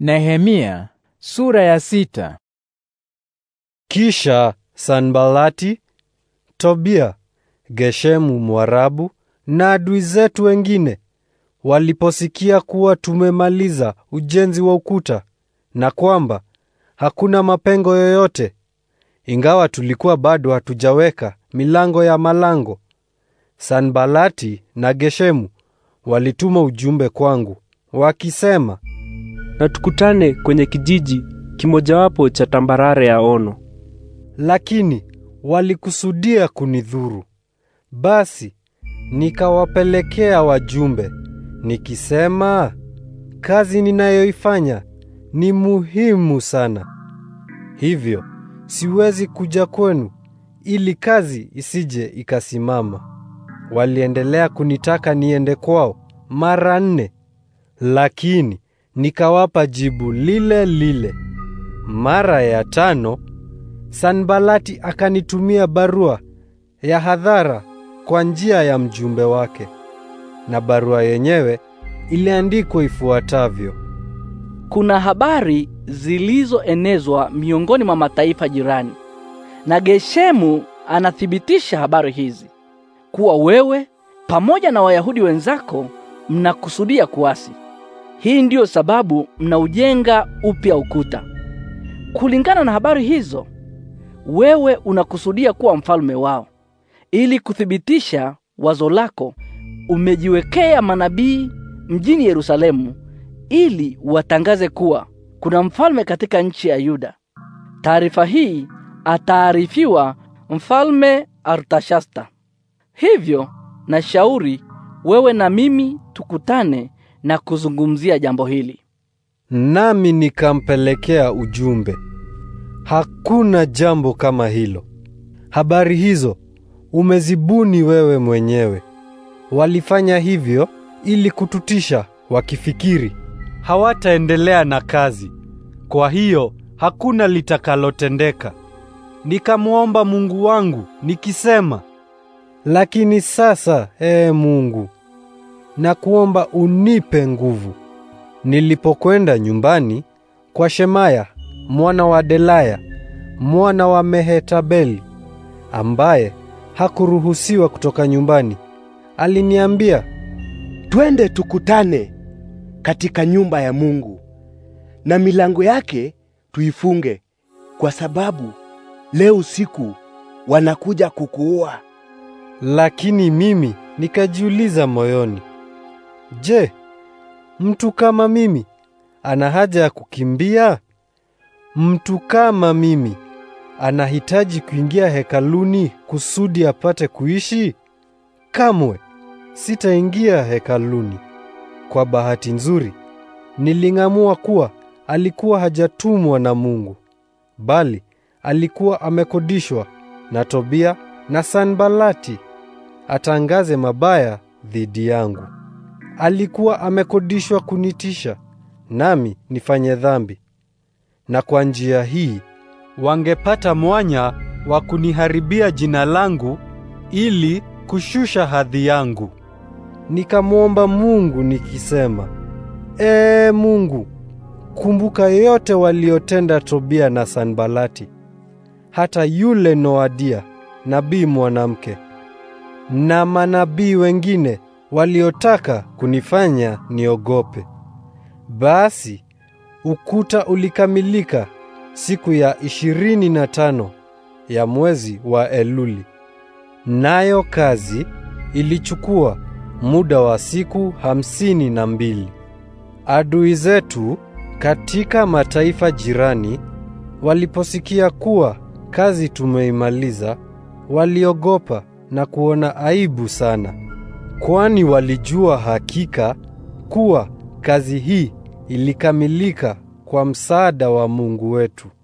Nehemia sura ya sita. Kisha Sanbalati, Tobia, Geshemu Mwarabu na adui zetu wengine waliposikia kuwa tumemaliza ujenzi wa ukuta na kwamba hakuna mapengo yoyote, ingawa tulikuwa bado hatujaweka milango ya malango, Sanbalati na Geshemu walituma ujumbe kwangu wakisema na tukutane kwenye kijiji kimojawapo cha tambarare ya Ono. Lakini walikusudia kunidhuru. Basi nikawapelekea wajumbe nikisema, kazi ninayoifanya ni muhimu sana, hivyo siwezi kuja kwenu ili kazi isije ikasimama. Waliendelea kunitaka niende kwao mara nne, lakini nikawapa jibu lile lile. Mara ya tano Sanbalati akanitumia barua ya hadhara kwa njia ya mjumbe wake, na barua yenyewe iliandikwa ifuatavyo: kuna habari zilizoenezwa miongoni mwa mataifa jirani, na Geshemu anathibitisha habari hizi kuwa wewe pamoja na Wayahudi wenzako mnakusudia kuasi. Hii ndiyo sababu mnaujenga upya ukuta. Kulingana na habari hizo, wewe unakusudia kuwa mfalme wao. Ili kuthibitisha wazo lako, umejiwekea manabii mjini Yerusalemu ili watangaze kuwa kuna mfalme katika nchi ya Yuda. Taarifa hii ataarifiwa mfalme Artashasta. Hivyo na shauri wewe na mimi tukutane na kuzungumzia jambo hili. Nami nikampelekea ujumbe, hakuna jambo kama hilo. Habari hizo umezibuni wewe mwenyewe. Walifanya hivyo ili kututisha, wakifikiri hawataendelea na kazi, kwa hiyo hakuna litakalotendeka. Nikamwomba Mungu wangu nikisema, lakini sasa, ee Mungu, na kuomba unipe nguvu. Nilipokwenda nyumbani kwa Shemaya mwana wa Delaya mwana wa Mehetabeli ambaye hakuruhusiwa kutoka nyumbani, aliniambia, twende tukutane katika nyumba ya Mungu na milango yake tuifunge, kwa sababu leo usiku wanakuja kukuua. Lakini mimi nikajiuliza moyoni, Je, mtu kama mimi ana haja ya kukimbia? Mtu kama mimi anahitaji kuingia hekaluni kusudi apate kuishi? Kamwe sitaingia hekaluni. Kwa bahati nzuri, niling'amua kuwa alikuwa hajatumwa na Mungu, bali alikuwa amekodishwa na Tobia na Sanbalati atangaze mabaya dhidi yangu alikuwa amekodishwa kunitisha nami nifanye dhambi, na kwa njia hii wangepata mwanya wa kuniharibia jina langu ili kushusha hadhi yangu. Nikamwomba Mungu nikisema, Ee Mungu, kumbuka yote waliotenda Tobia na Sanbalati, hata yule Noadia nabii mwanamke na manabii wengine waliotaka kunifanya niogope. Basi ukuta ulikamilika siku ya ishirini na tano ya mwezi wa Eluli, nayo kazi ilichukua muda wa siku hamsini na mbili. Adui zetu katika mataifa jirani waliposikia kuwa kazi tumeimaliza, waliogopa na kuona aibu sana kwani walijua hakika kuwa kazi hii ilikamilika kwa msaada wa Mungu wetu.